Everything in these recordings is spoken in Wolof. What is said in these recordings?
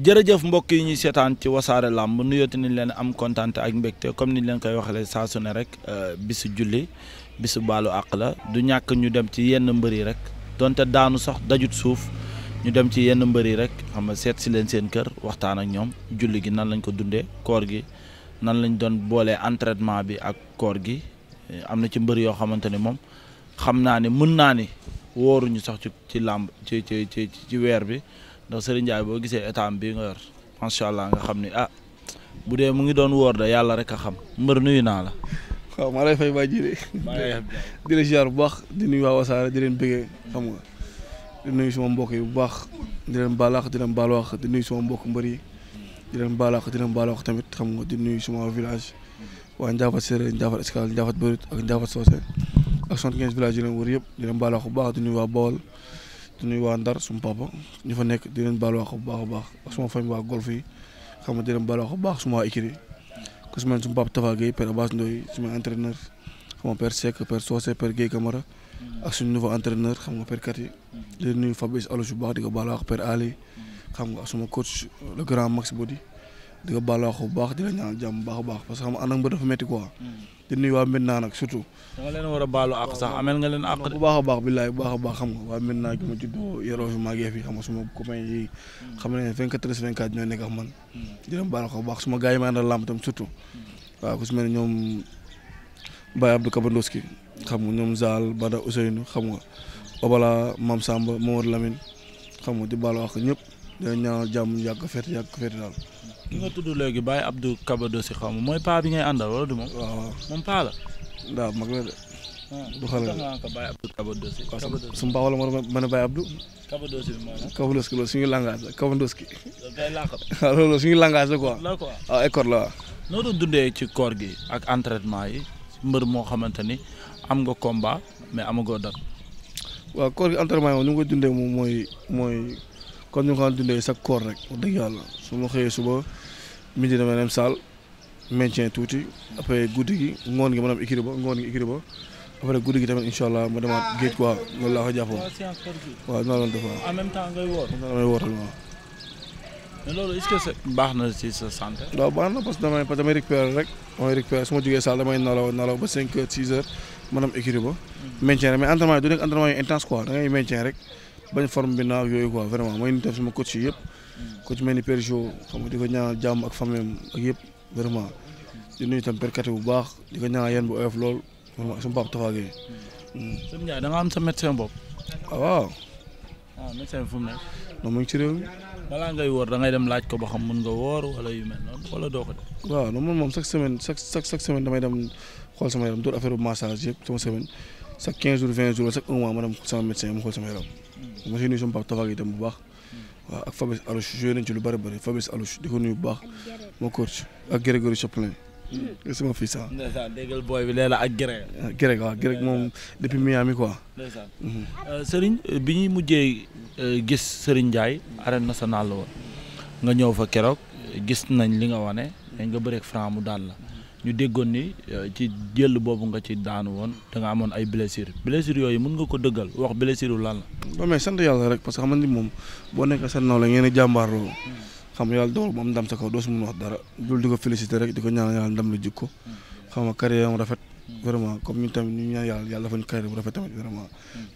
jërëjëf mbokk yi ñu seetaan ci wasaare làmb nuyooti nañ leen am kontaan ak mbégte comme niñ leen koy waxale saa su ne rek euh, bisu julli bisu baalu àq la du ñàkk ñu dem ci yenn mbër yi rek donte daanu sax dajut suuf ñu dem ci yenn mbër yi rek xam nga seet si leen seen kër waxtaan ak ñoom julli gi nan lañ ko dundee koor gi nan lañ doon boolee entraînement bi ak koor gi am na ci mbër yoo xamante ne moom xam naa ne mën naa ni wóoruñu sax ci ci làmb ci ci ci ci weer bi ndax Serigne Ndiaye boo gisee état bi nga yor macha allah nga xam ni ah bu dee mu ngi doon woor de yàlla rek a xam mbër nuyu naa la. waaw ma lay fay ba jëlee. di la bu baax di nuyu waa Wassare di leen bëggee nuyu suma mbokk yi bu baax di leen baalaax di leen baalaax di nuyu suma mbokk mbër yi di leen baalaax tamit xam nga di nuyu suma village waa Ndiafat Séeréer Ndiafat Escale Ndiafat Bërut ak Ndiafat Socé ak soixante-quinze villages yi leen wër yëpp di leen baalaax bu baax waa Bawol di nuyu waa Ndar suma papa ñu fa nekk di leen baal wax bu baax a baax ak suma famille waa golf yi xam nga di leen wax bu baax suma waa Ikiri ku su ma nee suma papa Tafa Gueye père Abass Ndoye suma entraîneur xam nga père Seck père Socé père Gueye Camara ak suñu nouveau entraîneur xam nga père Kati di nuyu Fabrice Allo bu baax di ko wax père Ali xam nga suma coach le grand Max Bodi. di ko baal bu baax di la ñaanal bu baax baax parce que xam nga ak mbër dafa métti quoi. Hmm. di nuyu waa Medina nag surtout. da nga leen a baalu àq sax nga leen àq. bu baax a baax billaay bu a baax xam nga waa Medina gi ma juddoo yoroo fi màggee fi xam nga hmm. xam ne 24 24 ñoo nekk ak man. Hmm. di leen baal bu baax suma gars yi ma àndal làmb tam surtout. waaw ku si mel ne ñoom Baye Abdou Kabandoski xam nga ñoom Zal Bada Ousseynou xam nga Obala Mam Samba Momar Lamine xam nga di baalu àq ñëpp dina ñaanal jàmm yàgg fete yàgg fete daal. ki nga tudd léegi Baye Abdou Kabado si xaw ma mooy paa bi ngay àndal wala du moom. waaw moom paa la. waaw mag la de. Ah, du xale la waaw Baye Abdou su la ma ne Baye Abdou. Kabado si bi mooy lan. Kabado la Kabado ah, ah, dundee ci koor gi ak entraînement yi mbër moo xamante ni am nga combat mais amagoo dara. waaw koor moom ni mu koy dundee moom mooy. kon ni ma dundee sa koor rek wax dëgg yàlla su ma xëyee suba midi dama dem salle maintien tuuti après guddi gi ngoon gi ma dem équilibre ngoon gi équilibre après guddi gi tamit incha allah ma demaat géej quoi loolu laa ko jàppoon waaw noonu la baax na ci sa santé. waaw baax na parce que ma jugee salle damay nalaw nalaw ba 5 heures 6 heures ma dem équilibre. Hmm. maintien rek mais entraînement yi du nekk entraînement yu intense quoi da ngay maintien rek. bañ forme bi naa ak yooyu ko vraiment mooy ni def sama coach yi yëpp ko ci mel ni Perjo xam nga di jàmm ak famille yëpp vraiment di nuyu tam perkate bu baax di ko ñaanal yéen bu oyof lool vraiment ak sama papa Tafa Gueye. sëñ Ndiaye da nga am sa médecin bopp. Ah, waaw. waaw ah, médecin fu mu nekk. non mu ko ba xam mun nga woor wala yu mel noonu wala doo ko def. waaw non man yëpp sama semaine. chaque 15 jours 20 jours chaque un mois ma dem sama médecin mu xool sama yaram. ma siy nuyu sama papa Tafa ak itam bu baax. waaw ak Fabrice Alouche joué nañ ci lu bëri bëri Fabrice Alouche di ko nuyu bu baax. ma coach ak Grégory Chaplin. Hmm. nga sama fils ah. ndeysaan booy bi léeg-léeg ak Greg. Ah, Greg waaw Greg moom depuis Miami quoi. ndeysaan hmm. euh, Serigne euh, bi ñuy mujjee euh, gis Serigne Ndiaye. arène nationale la woon. nga ñëw fa keroog gis nañ li nga wane. dañ nga bëreeg franc mu daan la. ñu déggoon ni euh, ci jël boobu nga ci daanu woon da nga amoon ay blessure blessure yooyu mën nga ko dëggal wax blessure wu lan la. mais sant yàlla rek que xam nga moom boo nekk sa nawle ngeen di jàmbaarloo xam nga yàlla dool moom ndam sa kaw doo si mun wax dara loolu di ko féliciter rek di ko ñaanal yàlla ndam lu jikko xam nga carrière am rafet. vraiment comme ñun tamit ñu ñaan yàlla yàlla dafa ñu carrière bu rafet tamit vraiment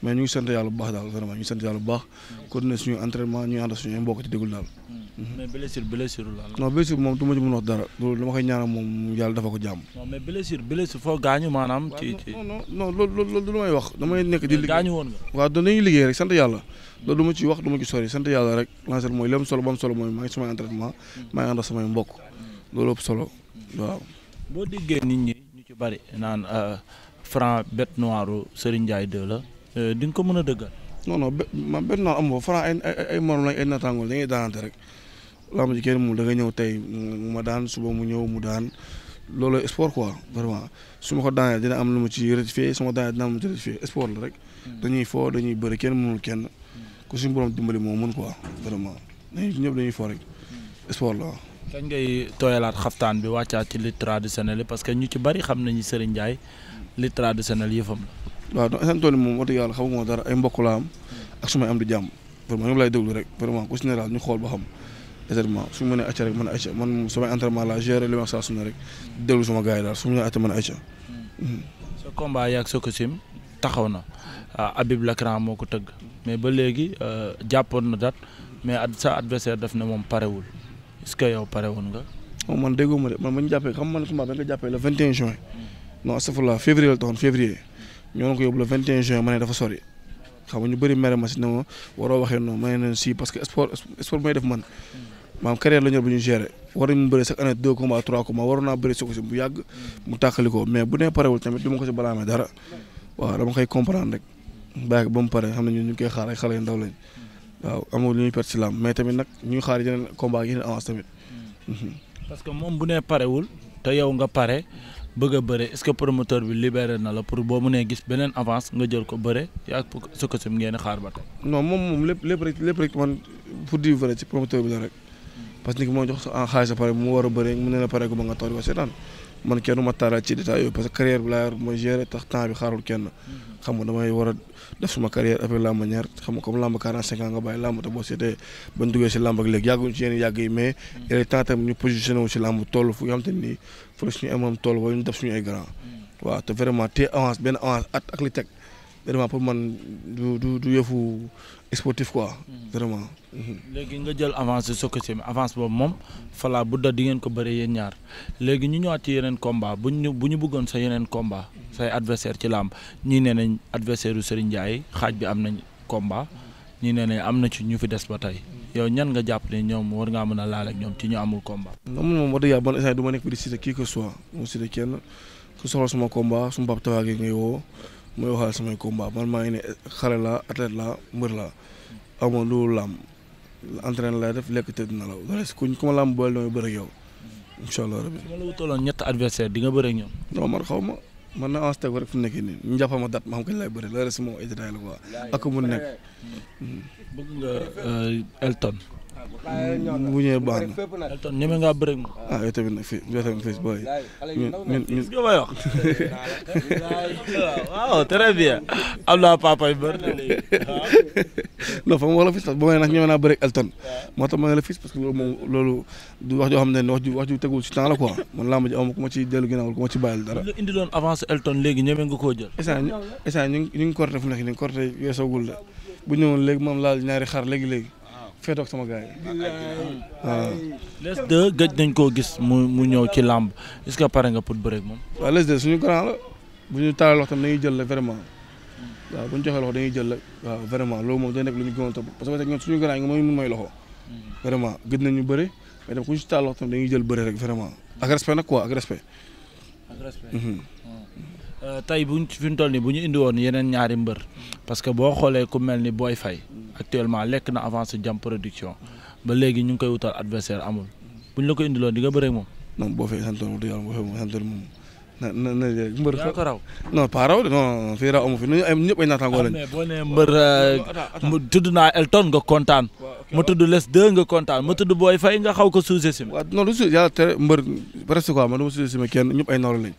mais ñu ngi sant yàlla bu baax daal vraiment ñu ngi sant bu baax continuer suñu mbokk ci déglu Mhm. mais blessure blessure la. non moom du ma ci mën wax dara loolu dama koy ñaanal moom yàlla dafa ko jàmm. non mais blessure blessure foo maanaam. ci wax damay nekk di. liggéey gaañu woon nga. waaw dañuy liggéey rek sant yàlla loolu ma ci wax du ma ci sori sant yàlla rek lancer mooy li am solo ba solo mooy maa ngi samay entraînement mhm. samay mbokk loolu ëpp solo mhm. boo déggee nit ñi ñu ci bari naan euh, Franc bête noire Serigne Ndiaye 2 la euh, di ko mën a dëggal. non non man bête noire amu fa Franc ay ay ay ay naataangool dañuy daanante rek. lamb ji kenn mu da nga ñëw tey mu ma daan suba mu ñëw mu daan loolu sport quoi vraiment su ma ko daanee dina am lu ma ci rectifier su ma daanee dina am lu ma ci rectifier sport la rek hmm. dañuy foo dañuy bëri kenn mënul kenn hmm. ku suñu borom dimbali moom mën quoi vraiment dañuy ñëpp dañuy foo rek hmm. sport la kañ ngay tooyalaat xaftaan bi wàccaat ci lutte traditionnelle yi parce que ñu ci bari xam nañu Serigne Ndiaye lutte traditionnelle yëfam la. waaw donc instant tool moom wax dëgg yàlla xamuma dara ay mbokk laa am ak am di jàmm vraiment ñoom laay déglu rek vraiment ku si ñu xool ba xam exactement su ma nee acca rek man acca man samay entraînement la gérer ma saa su ne rek déglu suma gars yi ma nee acca man acca. Hmm. sa combat yaag sa costume taxaw na ah, Habib Lacran moo ko tëgg mais ba léegi euh, jàppoon na date mais sa adversaire daf ne moom parewul est-ce que yow parewoon nga. moom man déggoo ma de man ma ñu jàppee xam man combat bi nga jàppee le juin non ñoo ngi ko yóbbu le 21 juin ma ne dafa sori. xam nga ñu bëri mere ma si ne ma waroo waxee noonu ma ne leen si parce que sport sport may def man maam carrière la ñor bu ñu gérer war nañu bëri chaque année deux combats trois combats waroon naa bëri Sokocim bu yàgg mu ko mais bu nee parewul tamit du ma ko si balaamee dara waaw mu pare xam ne ñun ñu ngi koy xaar ay ndaw lañ waaw amul lu mais tamit nag ñu ngi xaar yeneen combat yeneen avance parce que moom bu nee parewul te yow nga pare bëgg a bëre est-ce que promoteur bi libéré na la pour boo mënee gis beneen avance nga jël ko bëre yaa Sokocim ngeen xaar ba tey. non moom moom lépp lépp rek lépp rek man pour dire vrai ci promoteur bi la rek. parce que nit moo jox sa xaalis sa pare war a bëre mu ne pare ko nga toog di ko seetaan man kenn ma taaral ci détail yooyu parce que carrière bi laa yor ma gérer tax temps bi xaarul kenn xam nga damay war a def suma carrière avec la manière xam nga comme làmb 45 ans nga bàyyi làmb te boo seetee bañ duggee si làmb ak léegi yàgguñ si yenn yàgg yi mais mm. il est temps tamit ñu positionné wu si làmb toll fu nga xam mm. avance benn avance at ak vraiment pour man du du du yëfu sportif quoi hmm. vraiment. Hmm. léegi nga jël avance de Sococim avance boobu moom fala bu da di ngeen ko bëri yéen ñaar léegi ñu ñëwaat ci yeneen combat bu ñu bu ñu bëggoon sa yeneen combat say adversaire ci làmb ñii nee nañ adversaire u Serigne Ndiaye xaaj bi am nañ combat ñii nee nañ am na ci ñu fi des ba tey yow ñan nga jàpp ne ñoom war ngaa mën a laal ak ci ñu amul combat. moom moom wax dëgg yàlla man instant du ma nekk bi di cité qui su ma bab tawaagee ngay mooy waxal samay combat man maa ngi ne xale laa la laa mbër laa amoon lu làmb entraîné lay def lekk tëdd na la wala ku ma làmb boole damay bëri ak yow incha allah rabbi. su ma ñett adversaire di nga bëri ak ñoom. man xaw ma man na avance teg ko rek fu mu nekk nii ñu dat ma xam kañ lay bëri la reste moom ay ak mu nekk. Euh, Elton. bu ñëwee baax na. Elton ñeme ngaa bëri moom. ah yow tamit nag fii yow tamit fii booy ñun ñun ñun. li wax waaw très bien mu wax bu may nag ñeme naa bëri Elton moo tax ma ne la fii parce que loolu moom loolu du wax joo xam ne wax ju wax ju tegul si temps la quoi man làmb ji aw ma ku ma ci dellu ginnaaw ku ma ci bàyyil dara. lu indi doon avance Elton léegi ñeme nga koo jël. instant instant ñu ngi ñu ngi corté fu nekk nii corté weesoogul la bu ñëwoon léegi moom laal ñaari xar léegi léegi feetoog sama gars yi. waaw. les deux gëj nañ koo gis mu mu ñëw ci làmb est-ce que pare nga pour bëre moom. waaw les deux suñu grand la bu ñu taalee loxo tam dañuy jël la vraiment waaw bu ñu joxee loxo jël la waaw vraiment loolu moom day nekk lu ñu gënoon parce que ñoom suñu grand yi mooy loxo. vraiment gëj nañ ñu bëre mais ku ñu taal loxo jël bëre rek vraiment ak respect nag quoi ak respect. ak respect. Mhm. Euh, tey buñ fi ñu nii bu ñu indi woon yeneen ñaari mbër parce que boo xoolee ku mel ni booy fay actuellement lekk na avance jam production ba léegi ñu ngi koy wutal adversaire amul bu ñu la ko indiloon dinga nga bëree moom. non boo fee santoon du yàlla boo fee santoon moom na na na mbër. yaa ko raw non pas raw de ah, boo nee euh, mu tudd naa Elton nga kontaan. ma tudd les deux nga kontaan ma tudd Boy Faye nga xaw ko sous-estimé. waaw non du si yàlla tere mbër presque quoi man kenn ñëpp ay nawle lañ.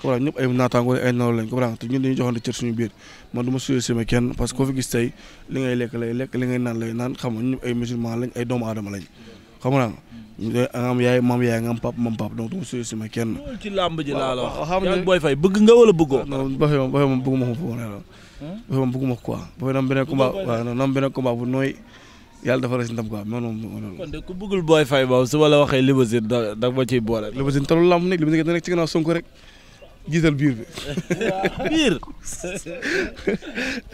comprendre ñëpp ay naataango ay naw lañ comprendre te ñun dañuy joxante cër suñu biir man du ma suyee sama kenn parce que koo fi lekk lay lekk li naan lay naan xam nga ñun ay lañ ay doomu aadama lañ xam nga nga nga am pap maam pap donc du ma suyee sama kenn. ci làmb ko foofu la. Boy ko quoi. na na am beneen combat bu nooy yàlla dafa rëcc ndam quoi man moom. kon de ku bëggul Boy Faye boobu su ma la waxee Limousine da da boole. Limousine talul gisal biir bi. biir.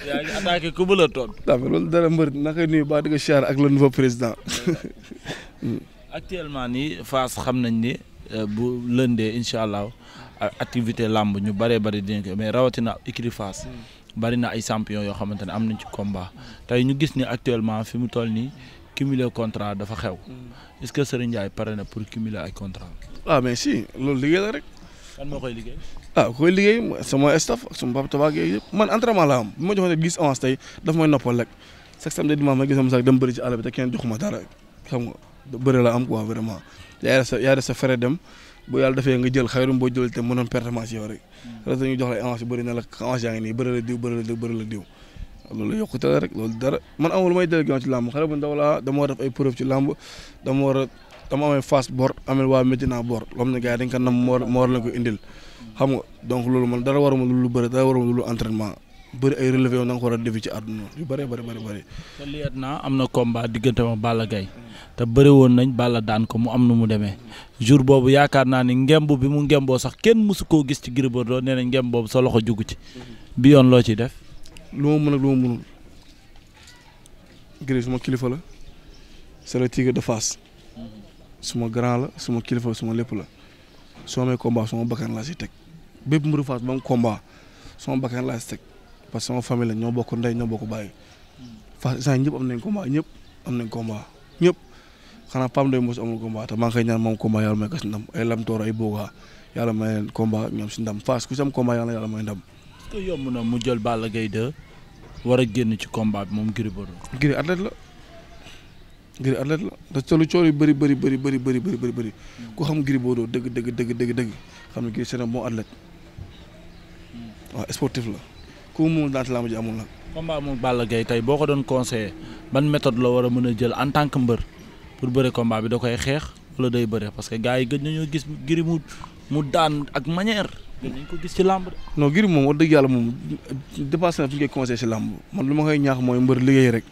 yaa ngi attaqué ku bëla toon. loolu dara naka nuyu baax di ko ak le nouveau président. actuellement nii Fass xam nañ ni euh, bu lëndee incha allah activité làmb ñu bëree bëri dinañ ko mais rawatina écurie Fass. bari na ay champion yoo xamante ne am nañ ci combat tey ñu gis ni actuellement fi mu toll nii cumuler contrat dafa xew. Mm. est-ce que Serigne Ndiaye pare na pour cumuler ay contrat. ah mais loolu liggéey la rek. kan moo koy liggéey. ah koy liggéey sama staff ak sama papa tabac yooyu yëpp man entraînement laa am bi ma joxoon gis avance sax dem bëri ci àll bi te kenn joxuma dara xam la am quoi vraiment yaa sa sa fere dem bu yàlla defee nga jël xayrum boo jël hmm. jox la avance yu bëri na la avance yaa ngi nii bëri la diw bëri a ay preuve ci làmb dama a dama amee Fass bor amel waa Medina bor loo xam ne gars yi dañ ko nam moo war la ko indil xam nga donc loolu man dara war ma lu bëri dara waruma lu entraînement bëri ay relevé yoon da nga ko war a defi ci àdduna yu bëree bëri bëri bëri te liet naa am na combat diggante ma Balla Gaye te bëri woon nañ Balla daan ko mu am na mu demee jour boobu yaakaar naa ni ngemb bi mu ngemboo sax kenn mësu koo gis ci Gris Bordeaux nee nañ ngemb boobu sa loxo jugu ci bi yoon loo ciy def lu ma mën ak lu ma mënul kilifa la c'est le de Fass suma grand la suma kilifa suma lépp la soo amee combat suma bakkan laa si teg bépp mbëru Fass ba mu combat suma bakkan laa si teg parce que sama famille la ñoo bokk ndey ñoo bokk bàyyi Fass saa ñëpp am nañ combat ñëpp am na combat ñëpp xanaa PAM doy mos amul combat te maa ngi koy may ko ñoom si ndam Fass ku si am combat yàlla yàlla may ndam. est que yomb na mu jël Balla Gaye 2 war a génn ci combat bi moom Gris Bordeaux. Gris athlète la te lu coow yu bëri bëri bëri bëri bëri bëri bëri hmm. ku xam Gris Bordeaux dëgg dëgg dëgg dëgg dëgg xam ne Gris c'est un bon athlète hmm. waaw sportif la laa ma ji amul nag. combat tey boo ko doon conseillé ban méthode la war a mën a jël en tant que mbër pour bëre combat bi da koy xeex wala day bëre parce que gars yi gëj nañoo gis Gris mu mu daan ak manière. gëj nañ ko ci làmb. non Gris moom wax dëgg yàlla moom dépassé na fi ñu koy si làmb man lu ma koy ñaax mooy mbër liggéey rek.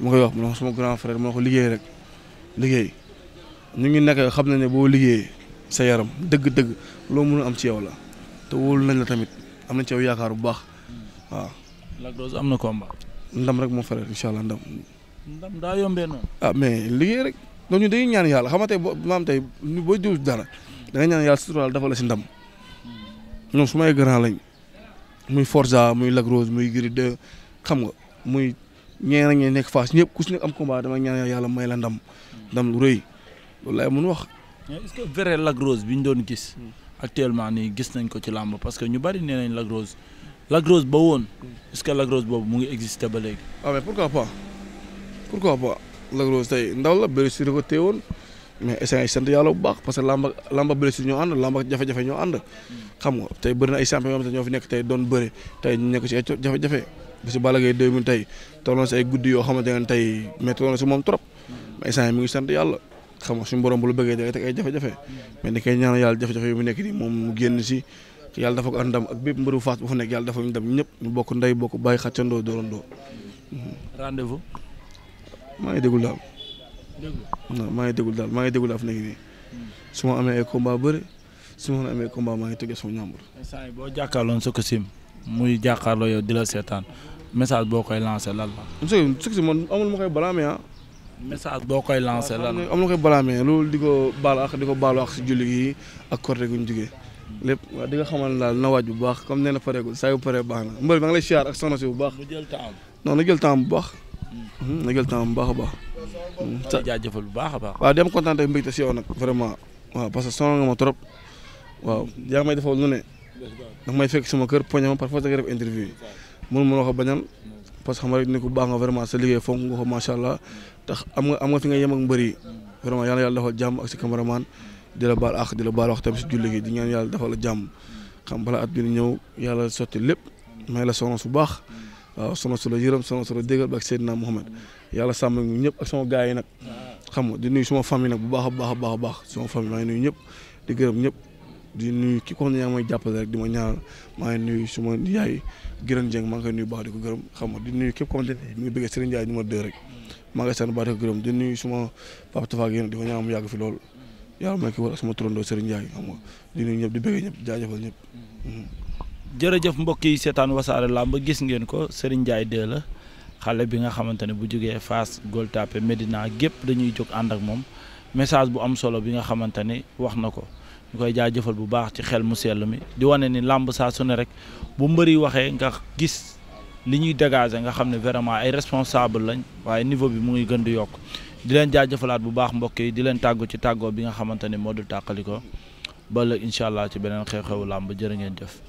ma koy wax mu ne suma grand frère ma ne ko liggéey rek liggéey ñu ngi nekk xam na ne boo liggéey sa yaram dëgg-dëgg loo mën am ci yow la te wóolu nañ la tamit am na ci yow yaakaar bu baax waaw. Lac Rose am na ko combat. ndam rek moo frère incha allah ndam. ndam daa yombee noonu. ah mais liggéey rek donc ñu ñaan yàlla xam nga tey tey boo jiw dara da ñaan yàlla suturaal dafa la si ndam ñoom su may grand lañ muy Forza muy lagros muy Gris 2 xam nga muy. ñeneen ak ñi nekk face ñëpp ku si nekk am combat dama ñaan yàlla may la ndam. ndam lu rëy loolu mun wax. est-ce que vrai Lac bi ñu doon gis. actuellement nii gis nañ ko ci làmb parce que ñu bari nee nañ Lac Rose Lac Rose ba woon. est que Lac Rose boobu mu ngi exister ba léegi. waaw ah, mais pourquoi pas pourquoi pas Lac Rose tey ndaw la blessure ko téewoon mais sant yàlla bu baax parce que làmb làmb blessure ñoo ànd lamba jafe-jafe ñoo ànd. Hmm. xam nga tey bëri na ay champion ñoo fi nekk tey doon bëri tey ñu nekk ci ay jafe-jafe. bisu Balla Gaye 2000 tey tolloon si ay guddi yoo xamante ne tey métti woon si moom trop mais instant mi ngi sant yàlla xam nga suñu borom bu lu bëggee day teg ay jafe-jafe mais ni koy yàlla jafe-jafe mu nekk nii moom mu génn si yàlla dafa ko ak ndam ak bépp mbëru Fass bu fa nekk yàlla dafa ñu ndam ñëpp ñu bokk ndey bokk bàyyi xàccandoo doorandoo. Mhm. rendez-vous. maa ngi déglu daal. déglu maa ngi déglu daal maa ngi déglu daal fi nekk nii su ma amee ay combat bëri su ma amee combat maa ngi tëggee sama ñàmbur. instant boo jàkkaarloon sa ko sim muy jàkkaarloo di la message boo koy lancé lan la. monsieur Six man ma koy balaamee ah. message boo koy lancé la amul ma koy balaamee loolu di ko baal ak di ko baalu ak si julli yi ak Korité gu ñu jugee lépp nga xamal ne daal na waaj bu baax comme nee na pareegul saa yu paree baax na mbër ma nga lay siyaar ak soxna bu baax. mu jël temps non na jël temps bu baax. Hmm. Hmm, na jël temps bu baax a baax. Hmm, sa jaajëfal baax a baax. waaw di am kontaan ak mbégte si yow nag vraiment waaw parce que sonal nga waaw yaa may defal lu ne. daf may fekk sama ma parfois da nga def interview mun munoo ko bañal parce que xam nga rek ni ku baax nga vraiment ko macha am nga am nga fi nga yem ak mbër yàlla yàlla jàmm ak si cameraman di la baal àq di la baal wax tamit si julli gi di yàlla defal jàmm xam bala at bi di ñëw yàlla sotti lépp may la soxna su baax waaw soxna su la yërëm soxna su la déggal ba ak Seydina Mohamed yàlla sàmm ñëpp ak sama gars yi nag xam nga di nuy suma famille nag bu baax a baax a baax baax suma famille maa ngi nuyu ñëpp di gërëm ñëpp di nuyu ki ko xam ne yaa ngi may jàppale rek di ma ñaanal maa ngi nuyu suma yaay Gërëm Dieng maa ngi koy nuyu baax di ko gërëm xam nga di nuyu képp ko xamante ne mi ngi bëggee Serigne Ndiaye numéro 2 baax di ko gërëm di nuyu suma papa Tafa ak yéen di ko ñaanal mu yàgg fi lool yàlla may ko war suma turandoo Serigne ñëpp di bëggee ñëpp jaajëfal hmm. jërëjëf mbokk yi seetaan wasaare làmb gis ngeen ko Serigne Ndiaye 2 la xale bi nga xamante ne bu jógee fas Gueule Tapée Médina gépp dañuy jóg ànd ak moom message bu am solo bi nga xamante ne wax na ko ñu koy jëfal bu baax ci xel mu sell mi di wane ni làmb saa su rek bu mbëri waxee nga gis li ñuy dégager nga xam ne vraiment ay responsable lañ waaye niveau bi mu ngi gën di yokk di leen jaajëfalaat bu baax mbokk yi di leen tàggu ci tàggoo bi nga xamante ni moo du tàqaliko ba la incha allah ci beneen xew-xewu làmb jërë ngeen jëf